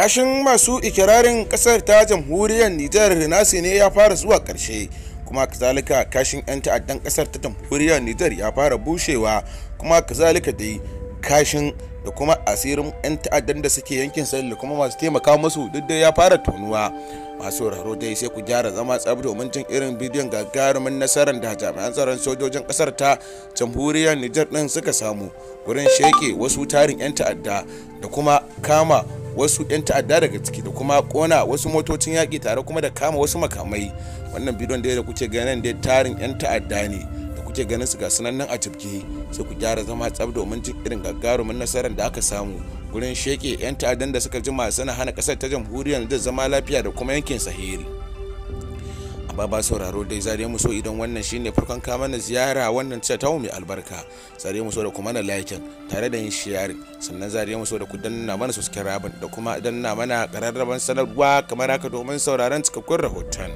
kashin masu ikirarin kasar ta jamhuriyar nijar nasi ne ya fara zuwa karshe kuma kazalika kashin 'yan ta'addan kasar ta jamhuriyar nijar ya fara bushewa kuma kazalika dai kashin da kuma asirin 'yan ta'addan da suke yankin sai da kuma masu taimaka musu duk da ya fara tonuwa masu raro dai sai ku gyara zama tsab domin jin irin bidiyon gagarumin nasarar da jami'an tsaron sojojin kasar ta jamhuriyar nijar din suka samu wurin sheke wasu tarin 'yan ta'adda da kuma kama wasu 'yan ta'adda daga ciki da kuma kona wasu motocin yaki tare kuma da kama wasu makamai wannan bidiyon da kuke ganin dai tarin 'yan ta'adda ne kuke ganin su ga sunan nan a cibke sai ku gyara zama tsab domin jin irin gagarumin nasarar da aka samu gurin sheke 'yan ta'addan da suka jima na hana kasar ta jamhuriyar da zama lafiya da kuma yankin sahiri amma ba sauraro dai zare mu so idan wannan shine farkon kama na ziyara wannan ce tawo mai albarka zare mu so da kuma na likin tare da yin shiyari sannan zare mu so da ku danna mana subscribe da kuma danna mana kararraban sanarwa kamar haka domin sauraron cikakkun rahoton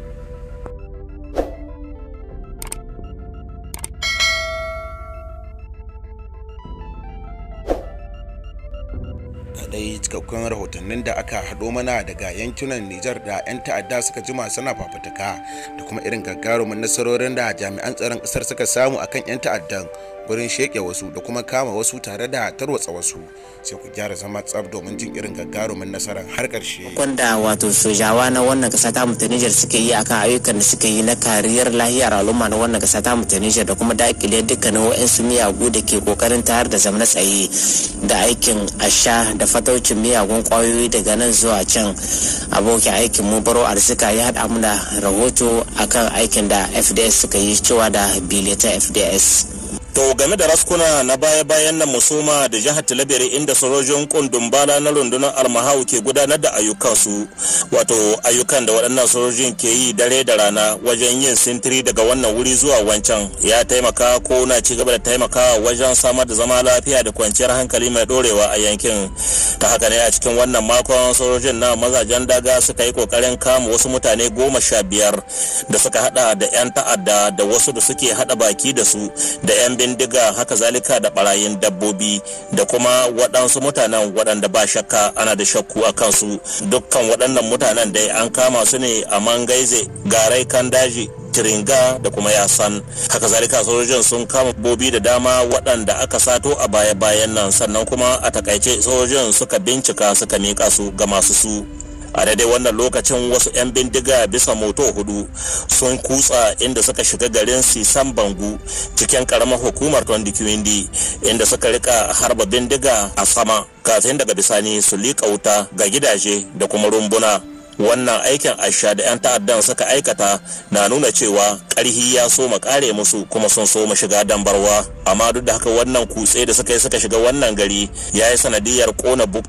dai cikakkun rahotannin da aka haɗo mana daga yankunan Nijar da 'yan ta'adda suka jima suna fafataka da kuma irin gagarumin nasarorin da jami'an tsaron ƙasar suka samu akan 'yan ta'addan wurin sheke wasu da kuma kama wasu tare da tarwatsa wasu sai ku gyara zama tsab domin jin irin gagarumin nasarar har karshe Kwanda wato sojawa na wannan kasa ta mutu Nijar suke yi akan ayyukan da suka yi na kariyar lahiyar al'umma na wannan kasa ta Nijar da kuma daƙile dukkanin wa'insu miyagu da ke kokarin tayar da zamana tsaye da aikin asha da fataucin miyagun kwayoyi daga nan zuwa can abokin aikin mu baro arsika ya hada mu da rahoto akan aikin da FDS suka yi cewa da ta FDS. To game da raskuna na baya-bayan nan musoma da jihar Talabere inda sojojin kundin bala na rundunar almahau ke gudanar da ayyukansu wato ayyukan da waɗannan sojojin ke yi dare da rana wajen yin sintiri daga wannan wuri zuwa wancan ya taimaka ko na ci gaba da taimaka wajen samar da zama lafiya da kwanciyar hankali mai ɗorewa a yankin. Ta haka ne a cikin wannan makon sojojin na mazajen daga suka yi kokarin kama wasu mutane goma sha biyar da suka haɗa da 'yan ta'adda da wasu da suke haɗa baki da su da 'yan bindiga haka zalika da barayin dabbobi da kuma waɗansu mutanen waɗanda ba shakka ana da shakku a kansu dukkan waɗannan mutanen dai an kama su ne a mangaize garai kan daji tiringa da kuma yasan haka zalika sojojin sun kama bobi da dama waɗanda aka sato a baya-bayan nan sannan kuma a takaice sojojin suka bincika suka miƙa su ga masu su a daidai wannan lokacin wasu 'yan bindiga bisa moto hudu sun kutsa inda suka shiga garin sisan bangu cikin karamar hukumar kiwindi inda suka rika harba bindiga a sama kafin daga bisani su liƙa wuta ga gidaje da kuma rumbuna wannan aikin asha da 'yan ta'addan suka aikata na nuna cewa ƙarhi ya so ƙare musu kuma sun so ma shiga dambarwa amma duk da haka wannan kutse da suka yi suka shiga wannan gari ya yi sanadiyar kona buk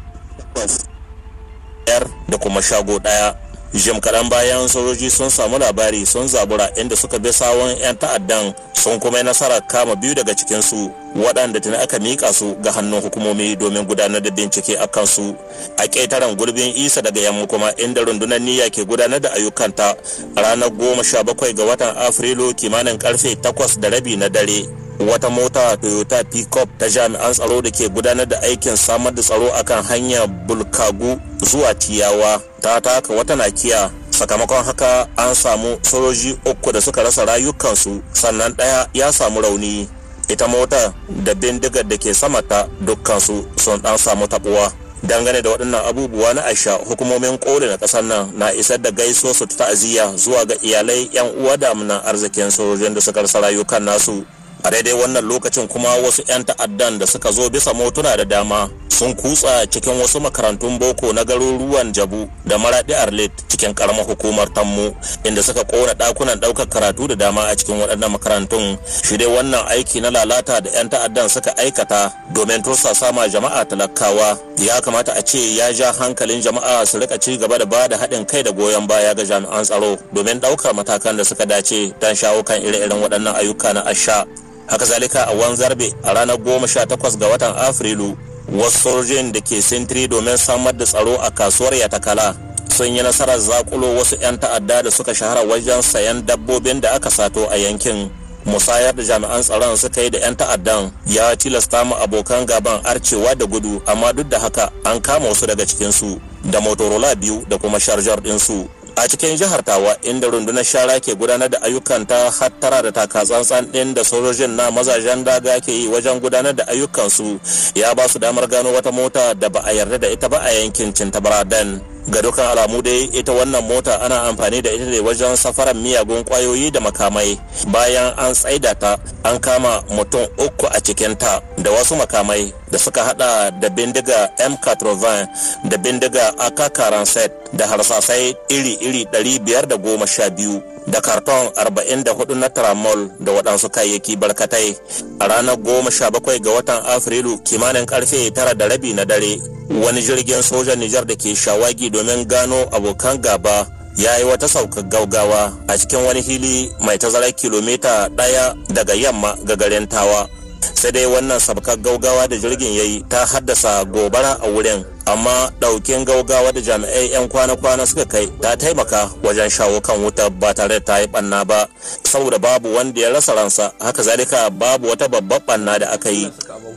biyar da kuma shago daya jim kaɗan bayan sojoji sun samu labari sun zabura inda suka bi sawon 'yan ta'addan sun kuma nasara kama biyu daga cikinsu waɗanda tuni aka miƙa su ga hannun hukumomi domin gudanar da bincike a kansu a ƙetaren gurbin isa daga yamma kuma inda rundunar niyya ke gudanar da ayyukanta ranar goma sha bakwai ga watan afrilu kimanin karfe takwas da rabi na dare wata mota toyota pickup ta jami'an tsaro da ke gudanar da aikin samar da tsaro akan hanya bulkagu zuwa ciyawa ta taka wata nakiya sakamakon haka an samu sojoji uku da suka rasa rayukansu sannan ɗaya ya samu rauni ita mota da bindigar da ke samata dukkansu sun ɗan samu tabuwa dangane da waɗannan abubuwa na aisha hukumomin koli na ƙasar nan na isar da gaiso su ta'aziyya zuwa ga iyalai yan uwa da arzikin sojojin da suka rasa rayukan nasu a daidai wannan lokacin kuma wasu 'yan ta'addan da suka zo bisa motuna da dama sun kutsa cikin wasu makarantun boko na garuruwan jabu da maradi arlet cikin karamar hukumar tammu inda suka kona dakunan daukar karatu da dama a cikin waɗannan makarantun shi dai wannan aiki na lalata da 'yan ta'addan suka aikata domin tursa sama jama'a talakawa ya kamata a ce ya ja hankalin jama'a su rika ci gaba da bada haɗin kai da goyon baya ga jami'an tsaro domin ɗaukar matakan da suka dace don shawo kan ire-iren waɗannan ayyuka na asha haka zalika a zarbe a ranar goma sha takwas ga watan afrilu wasu sojin da ke sintiri domin samar da tsaro a kasuwar yatakala sun yi nasarar zakulo wasu 'yan ta'adda da suka shahara wajen sayan dabbobin da aka sato a yankin musayar da jami'an tsaron suka yi da 'yan ta'addan ya tilasta mu abokan gaban arcewa da gudu amma duk da haka an kama wasu daga cikinsu da motorola biyu da kuma sharjar ɗinsu a cikin jihar tawa inda rundunar shara ke gudanar da ayyukan ta hattara da taka tsantsan ɗin da sojojin na mazajen daga ke yi wajen gudanar da ayyukansu ya ba su damar gano wata mota da ba a yarda da ita ba a yankin cinta cintabaradan ga dukkan alamu dai ita wannan mota ana amfani da ita ne wajen safaran miyagun kwayoyi da makamai bayan an tsaida ta an kama mutum uku a cikin ta da wasu makamai da suka hada da bindiga m katrovan da bindiga aka set da harsasai iri-iri 512 da karton 44 na tramol da waɗansu kayayyaki barkatai a ranar 17 ga watan afrilu kimanin karfe 9 da rabi na dare wani jirgin sojan nijar da ke shawagi domin gano abokan gaba ya yi wata saukar gaugawa a cikin wani hili mai tazarar kilomita ɗaya daga yamma ga garin tawa sai dai wannan sabkar gaugawa da jirgin ya yi ta haddasa gobara a wurin amma daukin gaugawa da jami'ai 'yan kwana-kwana suka kai ta taimaka wajen shawo kan wuta ba tare ta yi banna ba saboda babu wanda ya rasa ransa haka zalika babu wata babbar banna da aka yi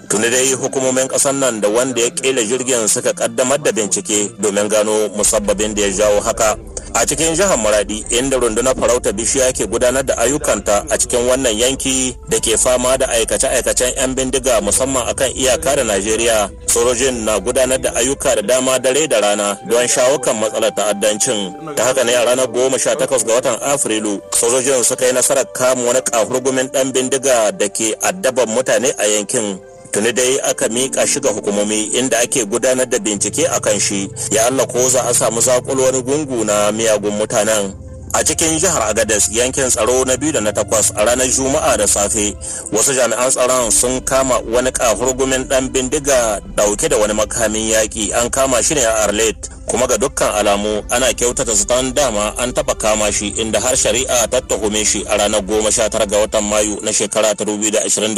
tuni dai hukumomin kasan nan da wanda ya kila jirgin suka kaddamar da bincike domin gano musabbabin da ya jawo haka a cikin jihar maradi inda rundunar farauta bishiya ke gudanar da ayyukanta a cikin wannan yanki da ke fama da aikace-aikacen 'yan bindiga musamman akan iyaka da najeriya sojojin na gudanar da ayyuka da dama dare da rana don shawo kan matsalar ta'addancin ta haka ne a ranar goma sha takwas ga watan afrilu sojojin suka yi nasarar kama wani kafurgumin dan bindiga da ke addaban mutane a yankin tuni dai aka mika shi ga hukumomi inda ake gudanar da bincike a kan shi ya Allah ko za a samu zakul wani gungu na miyagun mutanen a cikin jihar agadez yankin tsaro na biyu da na takwas a ranar juma'a da safe wasu jami'an tsaron sun kama wani gumin dan bindiga dauke da wani makamin yaƙi an kama shi ne a arlet kuma ga dukkan alamu ana kyautata zaton dama an taba kama shi inda har shari'a ta tuhume shi a ranar goma sha tara ga watan mayu na shekara ta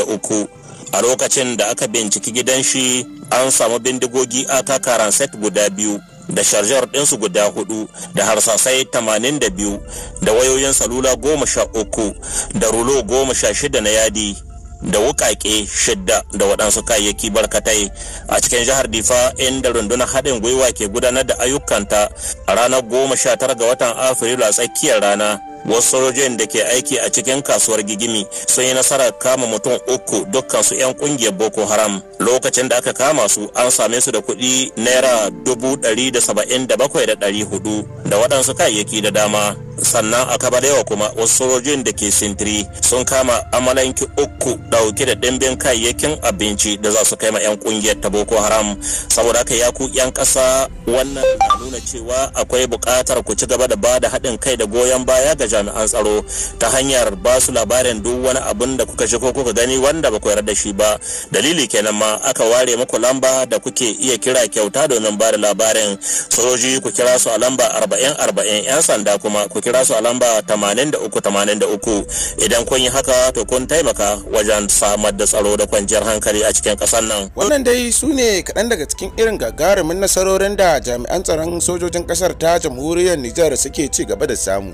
uku. a lokacin da aka binciki gidan shi an samu bindigogi aka karan set guda biyu da sharjar ɗinsu guda hudu da harsasai 82 da wayoyin salula goma sha uku da rulo goma sha shida na yadi da wukake shidda da waɗansu kayayyaki barkatai a cikin jihar difa inda rundunar haɗin gwiwa ke gudanar da ayyukanta a ranar goma sha tara ga watan afrilu a tsakiyar rana wasu sojojin da ke aiki a cikin kasuwar gigimi sun yi nasarar kama mutum uku dukkan su 'yan kungiyar boko haram lokacin da aka kama su an same su da kudi naira dubu ɗari da saba'in da bakwai da ɗari hudu da waɗansu kayayyaki da dama sannan a yawa kuma wasu sojojin da ke sintiri sun kama amalanki uku ɗauke da ɗimbin kayayyakin abinci da za su kai ma 'yan kungiyar ta boko haram saboda haka ya ku 'yan ƙasa wannan na nuna cewa akwai buƙatar ku ci gaba da ba da haɗin kai da goyon baya ga jami'an tsaro ta hanyar ba su labarin duk wani abin da kuka ji ko kuka gani wanda ba ku yarda da shi ba dalili kenan ma aka ware muku lamba da kuke iya kira kyauta domin ba da labarin sojoji ku kira su a lamba 40-40 'yan sanda kuma ku kira su a lamba 83-83 idan kun yi haka to kun taimaka wajen samar da tsaro da kwanciyar hankali a cikin ƙasar nan. wannan dai su ne kaɗan daga cikin irin gagarumin nasarorin da jami'an tsaron sojojin ƙasar ta jamhuriyar nijar suke ci gaba da samu.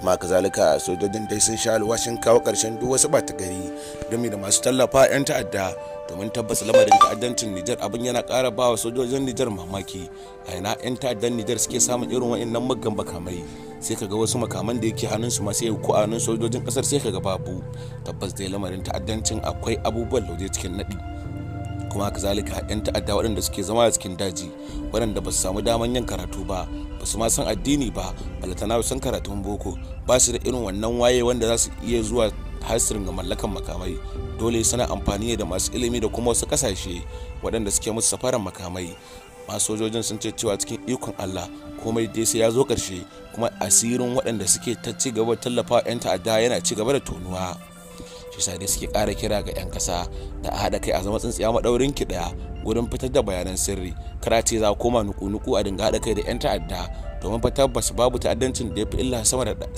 kuma kazalika sojojin dai sun sha alwashin kawo karshen duk wasu bata gari game da masu tallafa 'yan ta'adda domin tabbas lamarin ta'addancin Nijar abin yana kara ba wa sojojin Nijar mamaki a ina 'yan ta'addan Nijar suke samun irin wa'annan muggan makamai sai ga wasu makaman da yake hannun su ma sai ko hannun sojojin ƙasar sai ka ga babu tabbas dai lamarin ta'addancin akwai abubuwan lauje cikin naɗi. kuma haka zalika yan ta'adda waɗanda suke zama a cikin daji waɗanda ba su samu daman yin karatu ba ba su ma san addini ba balatana san karatun boko ba su da irin wannan waye wanda za su iya zuwa hasirin ga mallakan makamai dole suna amfani da masu ilimi da kuma wasu kasashe waɗanda suke musu safaran makamai masu sojojin sun ce cewa cikin ikon Allah komai dai sai ya zo karshe kuma asirin waɗanda suke ta ci gaba tallafa 'yan ta'adda yana ci gaba da tonuwa. shi sa dai suke kara kira ga 'yan kasa da a haɗa kai a zama tsintsiya maɗaurin ki ɗaya gurin fitar da bayanan sirri kara ce za koma nuku-nuku a dinga haɗa kai da 'yan ta'adda domin fa tabbas babu ta'addancin da ya fi illa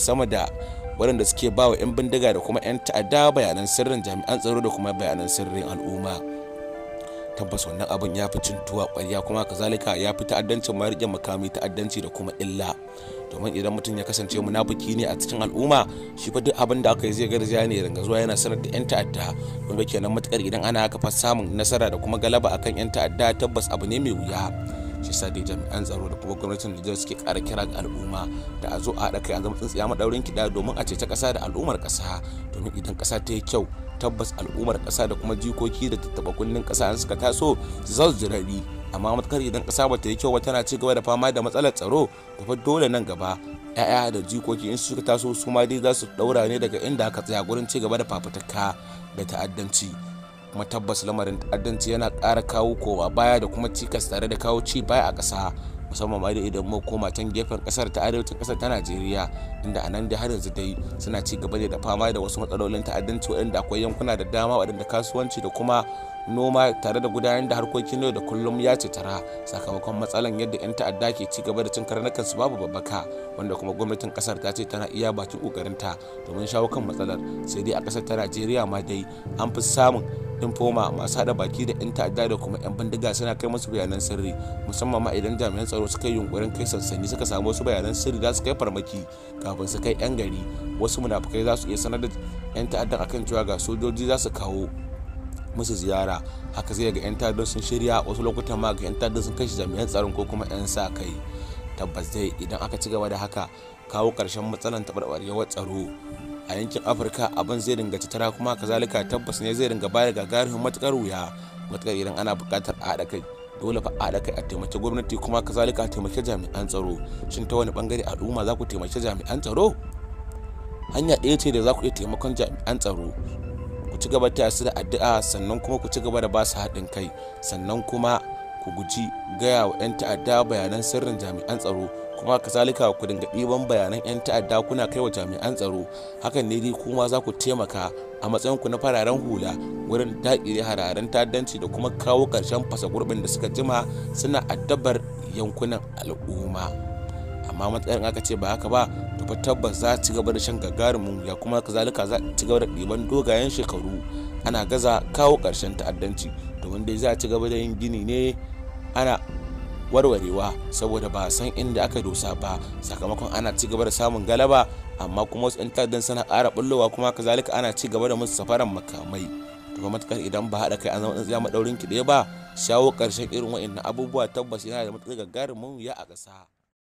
sama da waɗanda suke ba 'yan bindiga da kuma 'yan ta'adda bayanan sirrin jami'an tsaro da kuma bayanan sirrin al'umma tabbas wannan abin ya fi cintuwa ƙwarya kuma kazalika ya fi ta'addancin ma riƙe makami ta'addanci da kuma illa domin idan mutum ya kasance munafuki ne a cikin al'umma shi fa duk abin da aka yi zai garja ne daga zuwa yana sanar da 'yan ta'adda wanda ke kenan matukar idan ana haka fa samun nasara da kuma galaba akan 'yan ta'adda tabbas abu ne mai wuya shi sa dai jami'an tsaro da kuma gwamnatin Nijar suke kara kira ga al'umma da a zo a haɗa kai a zama tsintsiya maɗaurin kiɗa domin a ceci ƙasa da al'ummar ƙasa domin idan ƙasa ta yi kyau tabbas al'ummar ƙasa da kuma jikoki da tattaɓa kullum ƙasa an suka taso za su amma matukar idan kasa ba ta yi kyau ba tana ci gaba da fama da matsalar tsaro da fa dole nan gaba ‘ya'ya da jikoki in suka taso su ma dai za su ɗaura ne daga inda aka tsaya gurin ci gaba da fafutuka da ta'addanci kuma tabbas lamarin ta'addanci yana ƙara kawo kowa baya da kuma cikas tare da kawo ci baya a ƙasa musamman ma idan mu koma can gefen kasar ta arewacin kasar ta Najeriya inda a nan da har yanzu dai suna ci gaba da fama da wasu matsalolin ta'addanci waɗanda akwai yankuna da dama waɗanda kasuwanci da kuma noma tare da gudanar da harkokin yau da kullum ya ce tara sakamakon matsalan yadda 'yan ta'adda ke ci gaba da cin karnukan su babu babbaka wanda kuma gwamnatin kasar ta ce tana iya kokarin ta domin shawo kan matsalar sai dai a kasar ta najeriya ma dai an fi samun infoma masu hada baki da 'yan ta'adda da kuma 'yan bindiga suna kai musu bayanan sirri musamman ma idan jami'an tsaro suka yi yunkurin kai sansani suka samu wasu bayanan sirri za su kai farmaki kafin su kai 'yan gari wasu munafukai za su iya sanar da 'yan ta'adda akan cewa ga sojoji za su kawo musu ziyara haka zai ga 'yan ta'addar sun shirya wasu lokutan ma ga 'yan ta'addar sun kashe jami'an tsaron ko kuma 'yan sa kai tabbas dai idan aka ci gaba da haka kawo karshen matsalan taɓarɓarewar tsaro a yankin afirka abin zai dinga tattara kuma kazalika tabbas ne zai dinga bayar gagarumin matukar wuya matukar idan ana buƙatar a haɗa kai dole fa a haɗa kai a taimaki gwamnati kuma kazalika a taimaki jami'an tsaro shin ta wani bangare al'umma za ku taimaki jami'an tsaro hanya ɗaya ce da za ku iya taimakon jami'an tsaro ku ci gaba ta su da addu'a sannan kuma ku ci gaba da ba su haɗin kai sannan kuma ku guji gaya wa 'yan ta'adda bayanan sirrin jami'an tsaro kuma kazalika ku dinga ɗiban bayanan 'yan ta'adda kuna kai wa jami'an tsaro hakan ne dai kuma za ku taimaka a matsayin ku na fararen hula wurin daƙile hararen ta'addanci da kuma kawo ƙarshen fasa gurbin da suka jima suna addabar yankunan al'umma. amma matsayin aka ce ba haka ba to fa tabbas za ci gaba da shan gagarumin ya kuma kazalika za ci gaba da ɗiban dogayen shekaru ana gaza kawo ƙarshen ta'addanci domin dai za ci gaba da yin gini ne ana warwarewa saboda ba san inda aka dosa ba sakamakon ana ci gaba da samun galaba amma kuma wasu 'yan ta'addan suna ƙara bullowa kuma kazalika ana ci gaba da musu safaran makamai to ba matukar idan ba haɗa kai an zama tsintsiya maɗaurin ki ɗaya ba shawo ƙarshen irin wa'annan abubuwa tabbas yana da matuƙar gagarumin ya a ƙasa.